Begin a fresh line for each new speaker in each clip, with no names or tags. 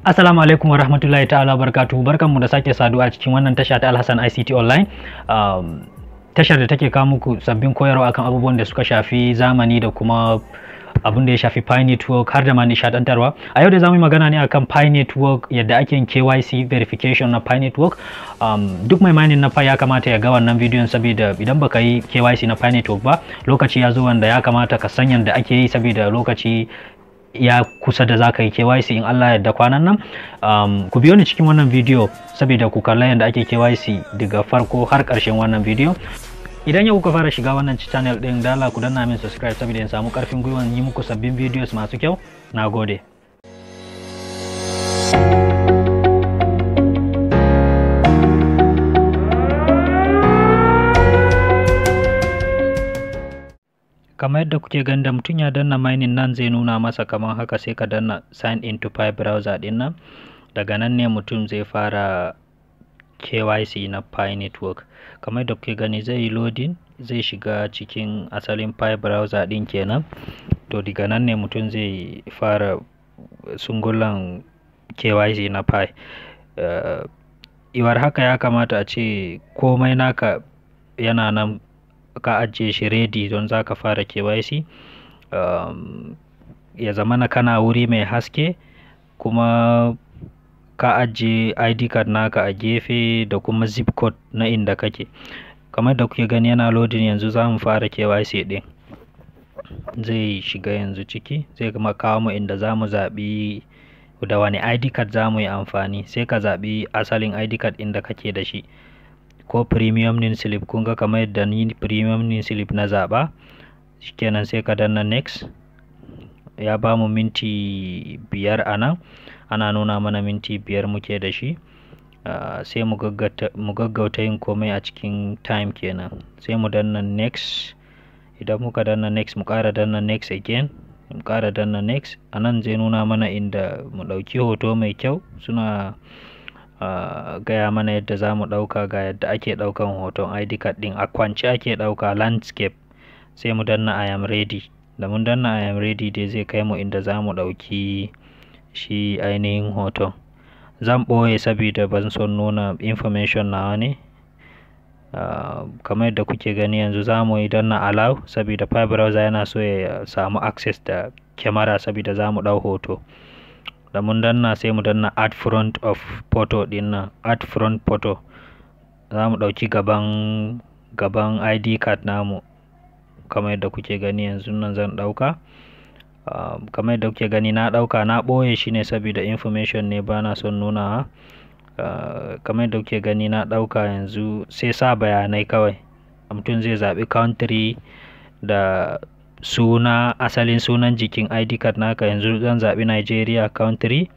Assalamu alaikum wa rahmatullahi ta'ala barkatu barkanmu da sake saduwa cikin wannan tasha ta Alhassan ICT online um, tashar da take kawo muku sabbin koyarwa akan abubuwan da suka shafi zamani da kuma abin da ya shafi Pi Network har da ma nishadantarwa a yau da zamu yi magana ne akan Pi Network yadda ake yin KYC verification na Pi Network um, duk mai mining na Pi ya kamata ya ga wannan bidiyon saboda idan baka yi KYC na Pi Network ba lokaci ya zo wanda ya kamata ka san yadda ake yi saboda lokaci ya kusa da zaka yi KYC in Allah ya yarda kwanan nan um, ku biyo ni cikin wannan bidiyo saboda ku kalla yanda ake KYC daga farko har karshen wannan bidiyo idan yau kuka fara shiga wannan channel din dala ku danna min subscribe saboda in samu karfin gwiwa yi muku sabbin videos masu kyau nagode kamar yadda kuke gani da mutum ya danna mining nan zai nuna masa kamar haka sai ka danna sign into pi browser din nan daga nan ne mutum zai fara KYC na pi network kamar yadda kuke gani zai yi loading zai shiga cikin asalin pi browser din kenan to daga nan ne mutum zai fara sungulan KYC na pi eh, iwar haka ya kamata a ce komai naka yana nan ka ajiye shi ready don za ka fara KYC um, ya zamana kana wuri mai haske kuma ka ajiye ID card naka a gefe da kuma zip code na inda kake kamar da kuke gani yana loading yanzu za mu fara KYC ɗin zai shiga yanzu ciki zai kuma kawo mu inda za mu zaɓi da wani ID card za mu yi amfani sai ka zaɓi asalin ID card inda kake da shi ko premium nin slip kun ga kamar yadda ni premium nin slip na zaɓa shikenan sai ka danna next ya ba mu minti biyar a nan ana nuna mana minti biyar muke da shi uh, sai mu gaggauta yin komai a cikin time kenan sai mu danna next idan muka danna next mu kara danna next again mu kara danna next a zai nuna mana inda mu ɗauki hoto mai kyau suna gaya mana yadda za mu ɗauka ga yadda ake ɗaukan hoton id card ɗin a kwance ake ɗauka landscape sai mu danna i am ready da mun danna i am ready dai zai kai mu inda za mu ɗauki shi ainihin hoton zan ɓoye sabida ban son nuna information nawa ne kamar yadda kuke gani yanzu za mu yi danna allow saboda file browser yana so ya samu access da kyamara saboda za mu ɗau hoto da mun danna sai mu danna add front of photo din nan add front photo za mu ɗauki gaban gaban id card namu kamar yadda kuke gani yanzu nan zan ɗauka uh, kamar yadda kuke gani na ɗauka na ɓoye shi ne saboda information ne bana son nuna uh, kamar yadda kuke gani na ɗauka yanzu sai sa bayanai kawai mutum zai zaɓi country da suna asalin sunan jikin ID card naka yanzu zan zaɓi Nigeria country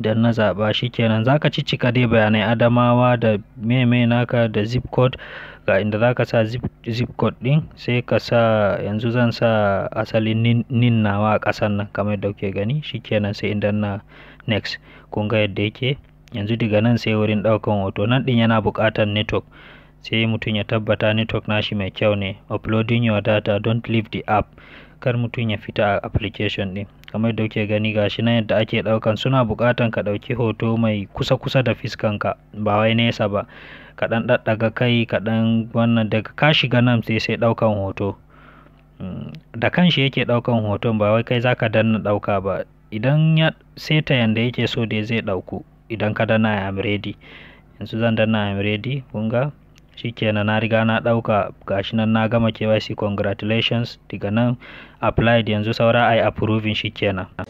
idan na zaɓa shikenan zaka ciccika dai bayanai Adamawa da meme naka da zip code ga inda zaka sa zip, zip code ɗin sai ka sa yanzu zan sa asalin nin, nawa a kasan nan kamar yadda kuke gani shikenan sai idan na next kun ga yadda yake yanzu daga nan sai wurin ɗaukan hoto nan ɗin yana buƙatar network sai mutum ya tabbata network nashi mai kyau ne uploading your data don't leave the app kar mutum ya fita a application din kamar yadda kuke gani gashi nan yadda ake daukan suna bukatan ka dauki hoto mai kusa kusa da fiskanka ba wai nesa ba ka dan daddaga kai ka dan wannan daga ka shiga nan sai sai daukan hoto hmm, da kanshi yake ɗaukan hoton ba wai kai zaka danna dauka ba idan ya seta yanda yake so da zai ɗauku idan ka danna am ready yanzu zan danna am ready kun ga shikenan na riga na ɗauka gashi nan na gama KYC congratulations daga nan applied yanzu saura ai approving shikenan